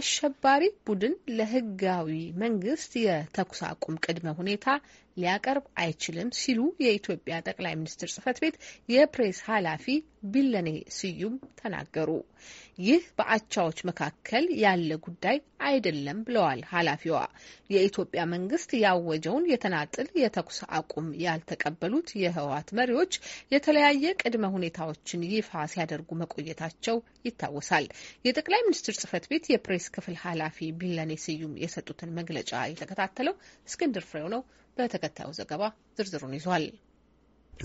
አሸባሪ ቡድን ለህጋዊ መንግስት የተኩስ አቁም ቅድመ ሁኔታ ሊያቀርብ አይችልም ሲሉ የኢትዮጵያ ጠቅላይ ሚኒስትር ጽህፈት ቤት የፕሬስ ኃላፊ ቢለኔ ስዩም ተናገሩ። ይህ በአቻዎች መካከል ያለ ጉዳይ አይደለም ብለዋል ኃላፊዋ። የኢትዮጵያ መንግስት ያወጀውን የተናጥል የተኩስ አቁም ያልተቀበሉት የህወሓት መሪዎች የተለያየ ቅድመ ሁኔታዎችን ይፋ ሲያደርጉ መቆየታቸው ይታወሳል። የጠቅላይ ሚኒስትር ጽህፈት ቤት የፕሬስ ክፍል ኃላፊ ቢለኔ ስዩም የሰጡትን መግለጫ የተከታተለው እስክንድር ፍሬው ነው። በተከ ተከታዩ ዘገባ ዝርዝሩን ይዟል።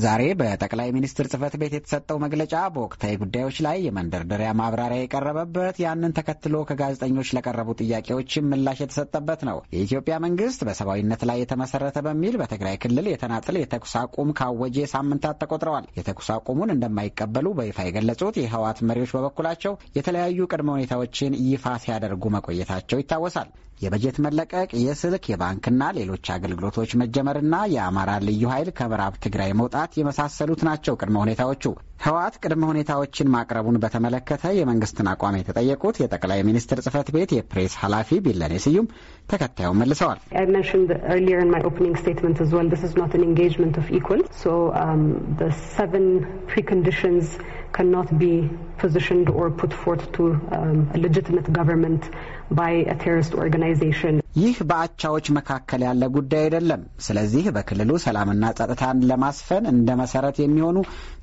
ዛሬ በጠቅላይ ሚኒስትር ጽህፈት ቤት የተሰጠው መግለጫ በወቅታዊ ጉዳዮች ላይ የመንደርደሪያ ማብራሪያ የቀረበበት ያንን ተከትሎ ከጋዜጠኞች ለቀረቡ ጥያቄዎችም ምላሽ የተሰጠበት ነው። የኢትዮጵያ መንግስት በሰብአዊነት ላይ የተመሰረተ በሚል በትግራይ ክልል የተናጥል የተኩስ አቁም ካወጀ ሳምንታት ተቆጥረዋል። የተኩስ አቁሙን እንደማይቀበሉ በይፋ የገለጹት የህወሓት መሪዎች በበኩላቸው የተለያዩ ቅድመ ሁኔታዎችን ይፋ ሲያደርጉ መቆየታቸው ይታወሳል። የበጀት መለቀቅ፣ የስልክ የባንክና ሌሎች አገልግሎቶች መጀመርና የአማራ ልዩ ኃይል ከምዕራብ ትግራይ መውጣት ቅጣት የመሳሰሉት ናቸው ቅድመ ሁኔታዎቹ። ህወሓት ቅድመ ሁኔታዎችን ማቅረቡን በተመለከተ የመንግስትን አቋም የተጠየቁት የጠቅላይ ሚኒስትር ጽህፈት ቤት የፕሬስ ኃላፊ ቢለኔ ስዩም ተከታዩን መልሰዋል። cannot be positioned or put forth to um, a legitimate government by a terrorist organization. ይህ በአቻዎች መካከል ያለ ጉዳይ አይደለም። ስለዚህ በክልሉ ሰላምና ጸጥታን ለማስፈን እንደ መሰረት የሚሆኑ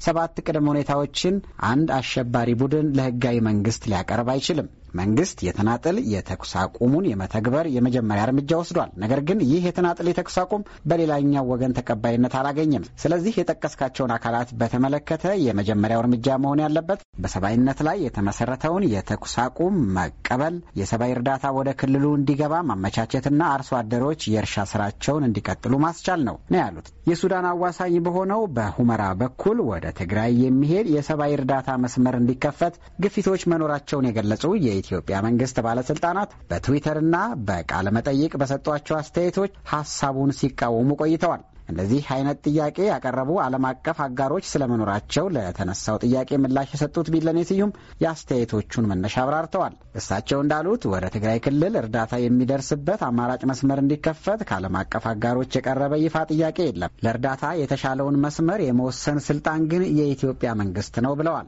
ሰባት ቅድመ ሁኔታዎችን አንድ አሸባሪ ቡድን ለህጋዊ መንግስት ሊያቀርብ አይችልም። መንግስት የተናጠል የተኩስ አቁሙን የመተግበር የመጀመሪያ እርምጃ ወስዷል። ነገር ግን ይህ የተናጠል የተኩስ አቁም በሌላኛው ወገን ተቀባይነት አላገኘም። ስለዚህ የጠቀስካቸውን አካላት በተመለከተ የመጀመሪያው እርምጃ መሆን ያለበት በሰብአዊነት ላይ የተመሰረተውን የተኩስ አቁም መቀበል፣ የሰብአዊ እርዳታ ወደ ክልሉ እንዲገባ ማመቻቸትና አርሶ አደሮች የእርሻ ስራቸውን እንዲቀጥሉ ማስቻል ነው ነው ያሉት። የሱዳን አዋሳኝ በሆነው በሁመራ በኩል ወደ ትግራይ የሚሄድ የሰብአዊ እርዳታ መስመር እንዲከፈት ግፊቶች መኖራቸውን የገለጹ የኢትዮጵያ መንግስት ባለስልጣናት በትዊተርና በቃለ መጠይቅ በሰጧቸው አስተያየቶች ሀሳቡን ሲቃወሙ ቆይተዋል። እንደዚህ አይነት ጥያቄ ያቀረቡ ዓለም አቀፍ አጋሮች ስለመኖራቸው ለተነሳው ጥያቄ ምላሽ የሰጡት ቢለኔ ስዩም የአስተያየቶቹን መነሻ አብራርተዋል። እሳቸው እንዳሉት ወደ ትግራይ ክልል እርዳታ የሚደርስበት አማራጭ መስመር እንዲከፈት ከዓለም አቀፍ አጋሮች የቀረበ ይፋ ጥያቄ የለም። ለእርዳታ የተሻለውን መስመር የመወሰን ስልጣን ግን የኢትዮጵያ መንግስት ነው ብለዋል።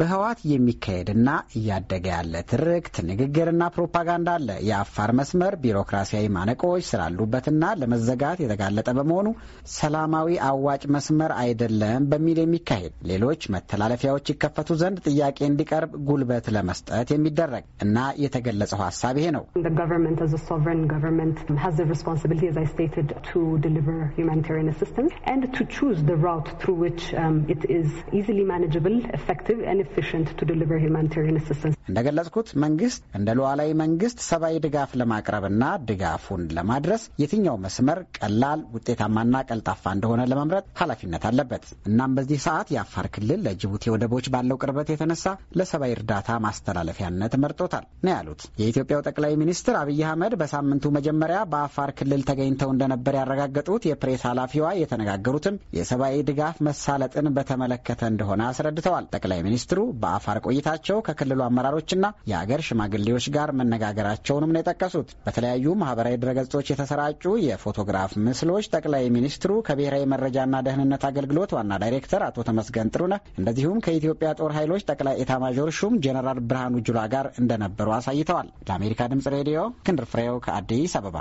በህዋት የሚካሄድና እያደገ ያለ ትርክት፣ ንግግርና ፕሮፓጋንዳ አለ። የአፋር መስመር ቢሮክራሲያዊ ማነቆዎች ስላሉበትና ለመዘጋት የተጋለጠ በመሆኑ ሰላማዊ አዋጭ መስመር አይደለም በሚል የሚካሄድ ሌሎች መተላለፊያዎች ይከፈቱ ዘንድ ጥያቄ እንዲቀርብ ጉልበት ለመስጠት የሚደረግ እና የተገለጸው ሀሳብ ይሄ ነው። the route through which um, it is easily manageable, effective and efficient to deliver humanitarian assistance። እንደገለጽኩት መንግስት እንደ ሉዓላዊ መንግስት ሰብአዊ ድጋፍ ለማቅረብና ድጋፉን ለማድረስ የትኛው መስመር ቀላል ውጤታማና ቀልጣፋ እንደሆነ ለመምረጥ ኃላፊነት አለበት። እናም በዚህ ሰዓት የአፋር ክልል ለጅቡቲ ወደቦች ባለው ቅርበት የተነሳ ለሰብአዊ እርዳታ ማስተላለፊያነት መርጦታል ነው ያሉት የኢትዮጵያው ጠቅላይ ሚኒስትር አብይ አህመድ በሳምንቱ መጀመሪያ በአፋር ክልል ተገኝተው እንደነበር ያረጋገጡት የፕሬስ ኃላፊዋ የተነጋገሩትም የሰብ ሰብአዊ ድጋፍ መሳለጥን በተመለከተ እንደሆነ አስረድተዋል። ጠቅላይ ሚኒስትሩ በአፋር ቆይታቸው ከክልሉ አመራሮችና የአገር ሽማግሌዎች ጋር መነጋገራቸውንም ነው የጠቀሱት። በተለያዩ ማህበራዊ ድረገጾች የተሰራጩ የፎቶግራፍ ምስሎች ጠቅላይ ሚኒስትሩ ከብሔራዊ መረጃና ደህንነት አገልግሎት ዋና ዳይሬክተር አቶ ተመስገን ጥሩነህ እንደዚሁም ከኢትዮጵያ ጦር ኃይሎች ጠቅላይ ኤታማዦር ሹም ጀኔራል ብርሃኑ ጁላ ጋር እንደነበሩ አሳይተዋል። ለአሜሪካ ድምጽ ሬዲዮ እስክንድር ፍሬው ከአዲስ አበባ